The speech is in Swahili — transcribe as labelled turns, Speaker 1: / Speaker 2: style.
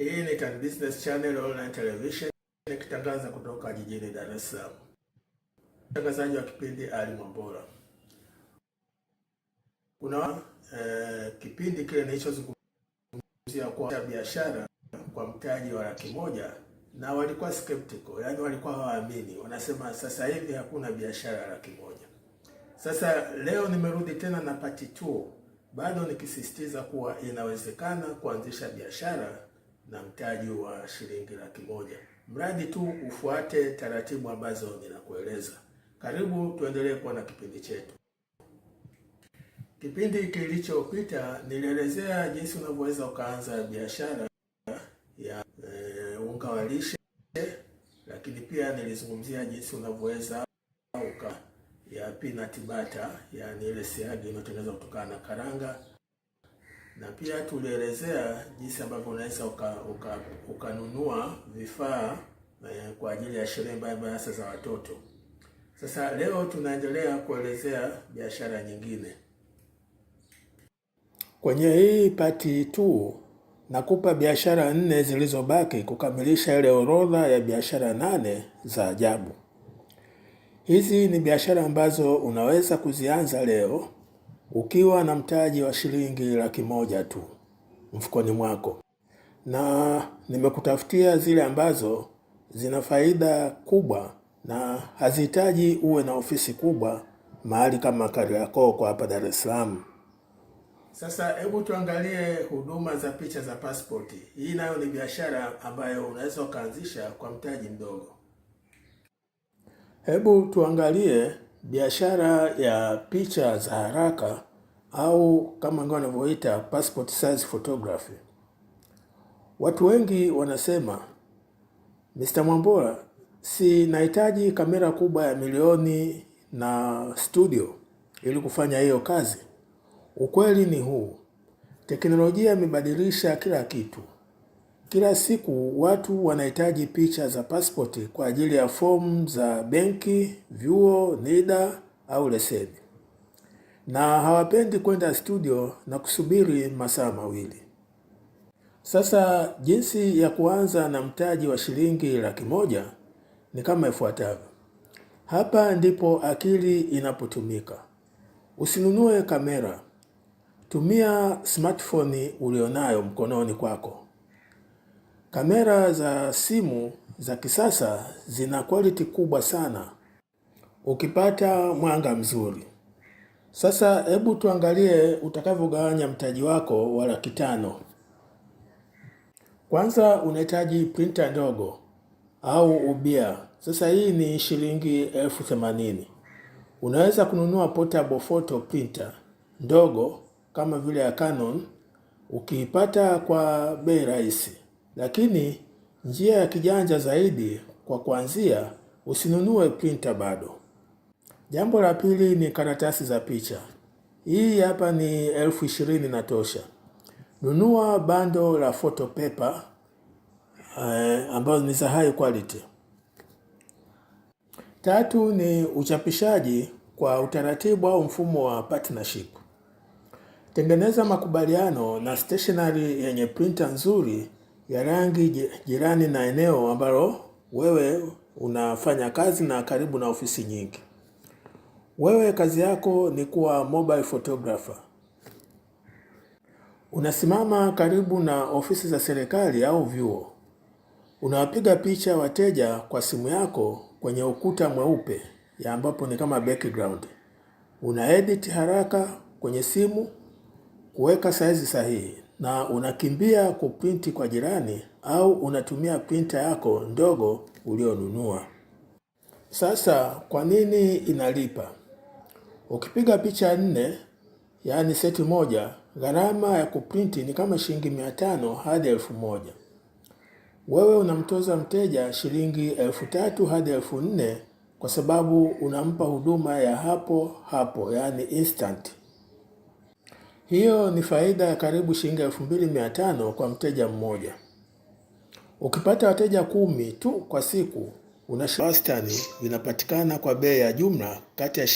Speaker 1: Hii ni Tan Business Channel online television nikitangaza kutoka jijini Dar es Salaam. Mtangazaji wa kipindi Ali Mwambola. Kuna eh, kipindi kile nilichozungumzia kwa biashara kwa mtaji wa laki moja na walikuwa skeptical, yani walikuwa hawaamini, wanasema sasa hivi hakuna biashara laki moja. Sasa leo nimerudi tena na part 2 bado nikisisitiza kuwa inawezekana kuanzisha biashara na mtaji wa shilingi laki moja mradi tu ufuate taratibu ambazo ninakueleza. Karibu tuendelee kuwa na kipindi chetu. Kipindi kilichopita nilielezea jinsi unavyoweza ukaanza biashara ya e, unga wa lishe, lakini pia nilizungumzia jinsi unavyoweza uka ya peanut butter, yani ile siagi inayotengenezwa kutokana na karanga na pia tulielezea jinsi ambavyo unaweza ukanunua uka, uka vifaa eh, kwa ajili ya sherehe mbalimbali hasa za watoto. Sasa leo tunaendelea kuelezea biashara nyingine.
Speaker 2: Kwenye hii pati tu nakupa biashara nne zilizobaki kukamilisha ile orodha ya biashara nane za ajabu. Hizi ni biashara ambazo unaweza kuzianza leo ukiwa na mtaji wa shilingi laki moja tu mfukoni mwako, na nimekutafutia zile ambazo zina faida kubwa na hazihitaji uwe na ofisi kubwa mahali kama Kariakoo kwa hapa Dar es Salaam.
Speaker 1: Sasa hebu tuangalie huduma za picha za pasipoti. Hii nayo ni biashara ambayo unaweza ukaanzisha kwa mtaji mdogo.
Speaker 2: Hebu tuangalie Biashara ya picha za haraka au kama ngo wanavyoita passport size photography. Watu wengi wanasema Mr. Mwambola, si nahitaji kamera kubwa ya milioni na studio ili kufanya hiyo kazi. Ukweli ni huu, teknolojia imebadilisha kila kitu. Kila siku watu wanahitaji picha za pasipoti kwa ajili ya fomu za benki, vyuo, NIDA au leseni, na hawapendi kwenda studio na kusubiri masaa mawili. Sasa jinsi ya kuanza na mtaji wa shilingi laki moja ni kama ifuatavyo. Hapa ndipo akili inapotumika. Usinunue kamera, tumia smartphone ulionayo mkononi kwako Kamera za simu za kisasa zina quality kubwa sana ukipata mwanga mzuri. Sasa hebu tuangalie utakavyogawanya mtaji wako wa laki tano. Kwanza unahitaji printer ndogo au ubia. Sasa hii ni shilingi elfu themanini. Unaweza kununua portable photo printer ndogo kama vile ya Canon ukiipata kwa bei rahisi lakini njia ya kijanja zaidi kwa kuanzia, usinunue printer bado. Jambo la pili ni karatasi za picha. Hii hapa ni elfu ishirini na tosha. Nunua bando la photo paper eh, ambazo ni za high quality. Tatu ni uchapishaji kwa utaratibu au mfumo wa partnership. Tengeneza makubaliano na stationery yenye printer nzuri ya rangi jirani na eneo ambalo wewe unafanya kazi na karibu na ofisi nyingi. Wewe kazi yako ni kuwa mobile photographer. Unasimama karibu na ofisi za serikali au vyuo. Unawapiga picha wateja kwa simu yako kwenye ukuta mweupe ya ambapo ni kama background. Una edit haraka kwenye simu kuweka saizi sahihi na unakimbia kuprinti kwa jirani au unatumia printa yako ndogo ulionunua. Sasa kwa nini inalipa? Ukipiga picha nne, yaani seti moja, gharama ya kuprinti ni kama shilingi mia tano hadi elfu moja. Wewe unamtoza mteja shilingi elfu tatu hadi elfu nne kwa sababu unampa huduma ya hapo hapo, yaani instant. Hiyo ni faida ya karibu shilingi elfu mbili mia tano kwa mteja mmoja. Ukipata wateja kumi tu kwa siku, una wastani vinapatikana kwa bei ya jumla kati ya